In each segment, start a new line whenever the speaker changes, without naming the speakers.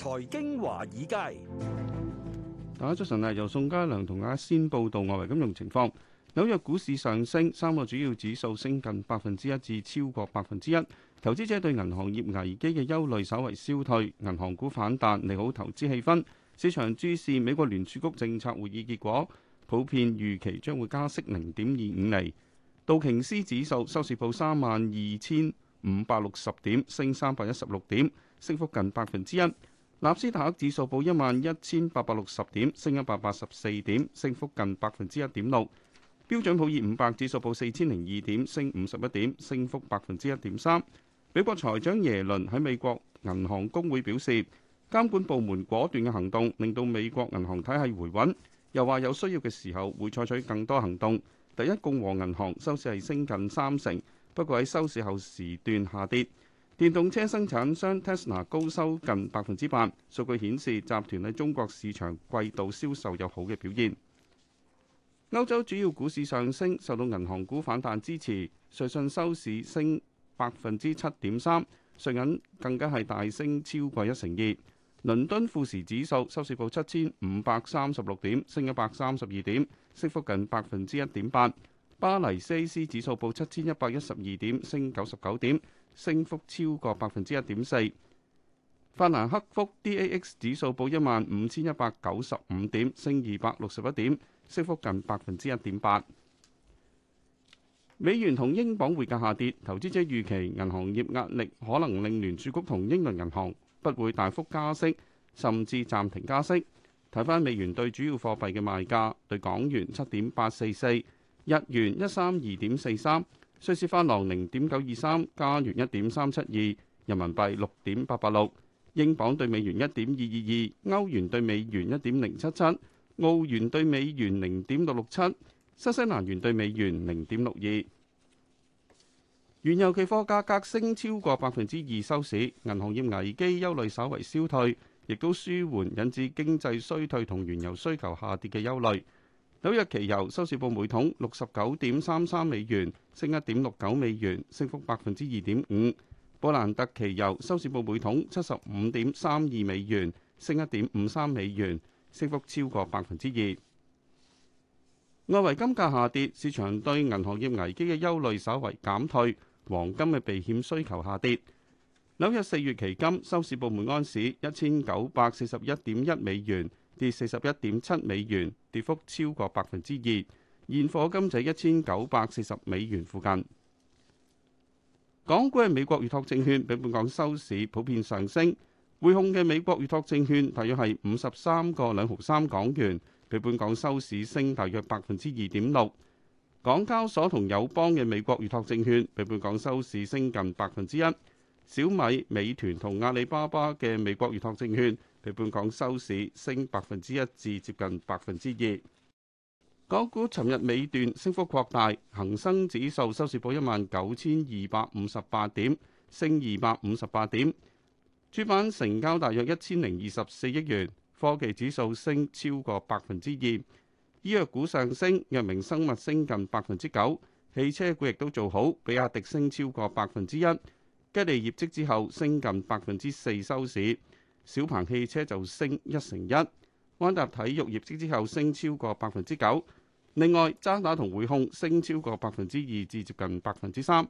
財經華
爾街，大家早晨啊！由宋家良同阿仙報道外圍金融情況。紐約股市上升，三個主要指數升近百分之一至超過百分之一。投資者對銀行業危機嘅憂慮稍為消退，銀行股反彈，利好投資氣氛。市場注視美國聯儲局政策會議結果，普遍預期將會加息零點二五厘。道瓊斯指數收市報三萬二千五百六十點，升三百一十六點，升幅近百分之一。納斯達克指數報一萬一千八百六十點，升一百八十四點，升幅近百分之一點六。標準普爾五百指數報四千零二點，升五十一點，升幅百分之一點三。美國財長耶倫喺美國銀行公會表示，監管部門果斷嘅行動令到美國銀行體系回穩，又話有需要嘅時候會採取更多行動。第一共和銀行收市係升近三成，不過喺收市後時段下跌。電動車生產商 Tesla 高收近百分之八，數據顯示集團喺中國市場季度銷售有好嘅表現。歐洲主要股市上升，受到銀行股反彈支持。瑞信收市升百分之七點三，瑞銀更加係大升超過一成二。倫敦富時指數收市報七千五百三十六點，升一百三十二點，升幅近百分之一點八。巴黎 CAC 指數報七千一百一十二點，升九十九點。升幅超過百分之一點四，法蘭克福 DAX 指數報一萬五千一百九十五點，升二百六十一點，升幅近百分之一點八。美元同英鎊匯價下跌，投資者預期銀行業壓力可能令聯儲局同英倫銀行不會大幅加息，甚至暫停加息。睇翻美元對主要貨幣嘅賣價，對港元七點八四四，日元一三二點四三。瑞士法郎零點九二三，加元一點三七二，人民幣六點八八六，英鎊對美元一點二二二，歐元對美元一點零七七，澳元對美元零點六六七，新西蘭元對美元零點六二。原油期貨價格升超過百分之二收市，銀行業危機憂慮稍為消退，亦都舒緩，引致經濟衰退同原油需求下跌嘅憂慮。紐約期油收市報每桶六十九點三三美元，升一點六九美元，升幅百分之二點五。布蘭特期油收市報每桶七十五點三二美元，升一點五三美元，升幅超過百分之二。外圍金價下跌，市場對銀行業危機嘅憂慮稍為減退，黃金嘅避險需求下跌。紐約四月期金收市報每安士一千九百四十一點一美元，跌四十一點七美元。跌幅超過百分之二，現貨金喺一千九百四十美元附近。港股嘅美國預託證券比本港收市普遍上升，匯控嘅美國預託證券大約係五十三個兩毫三港元，比本港收市升大約百分之二點六。港交所同友邦嘅美國預託證券比本港收市升近百分之一。小米、美團同阿里巴巴嘅美國預託證券，比本港收市升百分之一至接近百分之二，港股尋日尾段升幅擴大，恒生指數收市報一萬九千二百五十八點，升二百五十八點。主板成交大約一千零二十四億元，科技指數升超過百分之二，醫藥股上升，藥明生物升近百分之九，汽車股亦都做好，比亞迪升超過百分之一，吉利業績之後升近百分之四收市。小鵬汽車就升一成一，安踏體育業績之後升超過百分之九，另外渣打同匯控升超過百分之二至接近百分之三。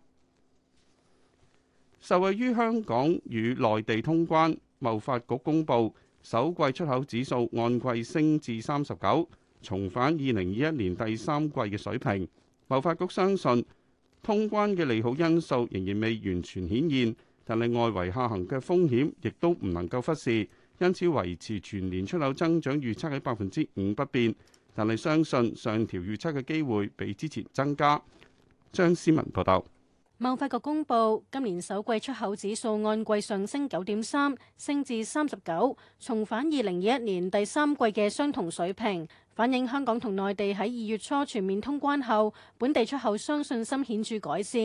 受惠於香港與內地通關，貿發局公佈首季出口指數按季升至三十九，重返二零二一年第三季嘅水平。貿發局相信，通關嘅利好因素仍然未完全顯現。但係外圍下行嘅風險亦都唔能夠忽視，因此維持全年出口增長預測喺百分之五不變。但係相信上調預測嘅機會比之前增加。張思文報道，
貿發局公佈今年首季出口指數按季上升九點三，升至三十九，重返二零二一年第三季嘅相同水平，反映香港同內地喺二月初全面通關後，本地出口商信心顯著改善。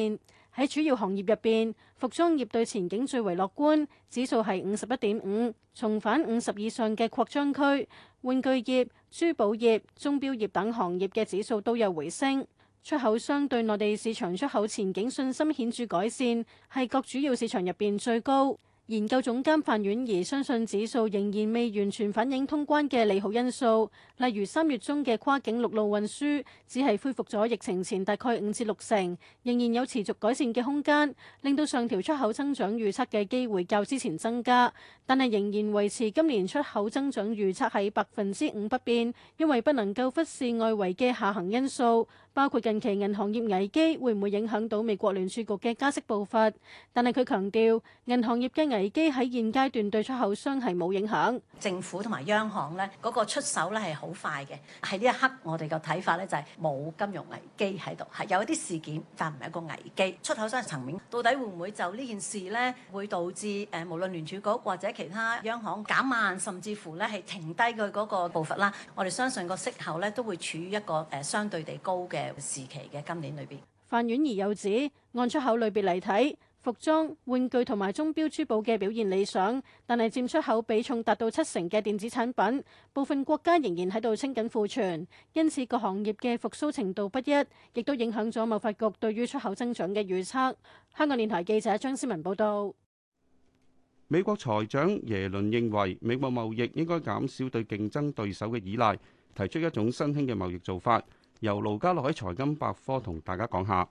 喺主要行業入邊，服裝業對前景最為樂觀，指數係五十一點五，重返五十以上嘅擴張區。玩具業、珠寶業、鐘錶業等行業嘅指數都有回升。出口商對內地市場出口前景信心顯著改善，係各主要市場入邊最高。研究總監范婉儀相信指數仍然未完全反映通關嘅利好因素，例如三月中嘅跨境陸路運輸只係恢復咗疫情前大概五至六成，仍然有持續改善嘅空間，令到上調出口增長預測嘅機會較之前增加。但係仍然維持今年出口增長預測喺百分之五不變，因為不能夠忽視外圍嘅下行因素。包括近期銀行業危機會唔會影響到美國聯儲局嘅加息步伐？但係佢強調，銀行業嘅危機喺現階段對出口商係冇影響，政府同埋央行咧，嗰個出手咧係好快嘅。喺呢一刻，我哋個睇法咧就係冇金融危機喺度，係有一啲事件，但唔係一個危機。出口商層面到底會唔會就呢件事咧，會導致誒無論聯儲局或者其他央行減慢，甚至乎咧係停低佢嗰個步伐啦？我哋相信個息口咧都會處於一個誒相對地高嘅。時范婉兒又指，按出口類別嚟睇，服裝、玩具同埋鐘錶珠寶嘅表現理想，但係佔出口比重達到七成嘅電子產品，部分國家仍然喺度清緊庫存，因此各行業嘅復蘇程度不一，亦都影響咗貿發局對於出口增長嘅預測。香港電台記者張思文報道，
美國財長耶倫認為美國貿易應該減少對競爭對手嘅依賴，提出一種新興嘅貿易做法。由盧家樂喺財金百科同大家講下，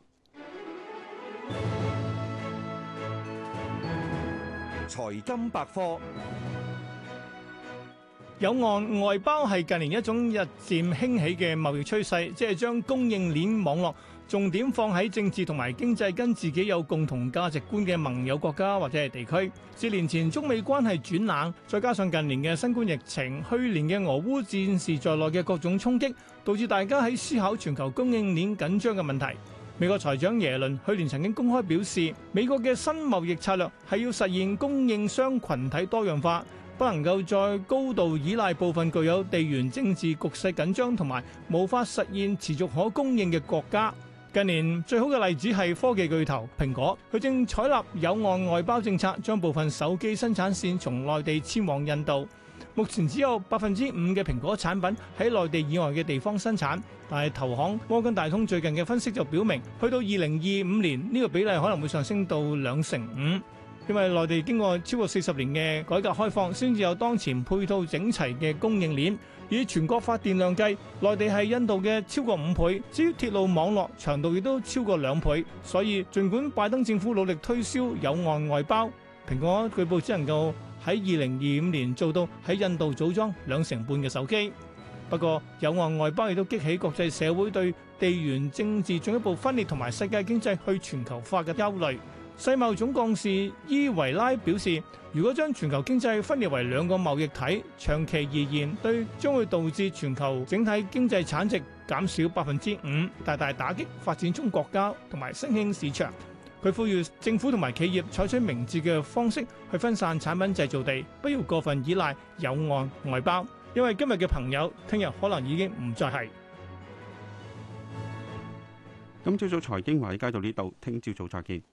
財金百科
有岸外包係近年一種日漸興起嘅貿易趨勢，即係將供應鏈網絡。重點放喺政治同埋經濟跟自己有共同價值觀嘅盟友國家或者地區。四年前中美關係轉冷，再加上近年嘅新冠疫情、去年嘅俄烏戰事在內嘅各種衝擊，導致大家喺思考全球供應鏈緊張嘅問題。美國財長耶倫去年曾經公開表示，美國嘅新貿易策略係要實現供應商群體多樣化，不能夠再高度依賴部分具有地緣政治局勢緊張同埋無法實現持續可供應嘅國家。近年最好嘅例子係科技巨頭蘋果，佢正採納友岸外包政策，將部分手機生產線從內地遷往印度。目前只有百分之五嘅蘋果產品喺內地以外嘅地方生產，但係投行摩根大通最近嘅分析就表明，去到二零二五年呢個比例可能會上升到兩成五。因為內地經過超過四十年嘅改革開放，先至有當前配套整齊嘅供應鏈。以全國發電量計，內地係印度嘅超過五倍。至於鐵路網絡長度，亦都超過兩倍。所以，儘管拜登政府努力推銷有岸外包，蘋果據報只能夠喺二零二五年做到喺印度組裝兩成半嘅手機。不過，有岸外包亦都激起國際社會對地緣政治進一步分裂同埋世界經濟去全球化嘅憂慮。世貿總幹事伊維拉表示，如果將全球經濟分裂為兩個貿易體，長期而言對將會導致全球整體經濟產值減少百分之五，大大打擊發展中國家同埋新興市場。佢呼籲政府同埋企業採取明智嘅方式去分散產品製造地，不要過分依賴有岸外包，因為今日嘅朋友，聽日可能已經唔再係。
今朝早財經華爾街到呢度，聽朝早再見。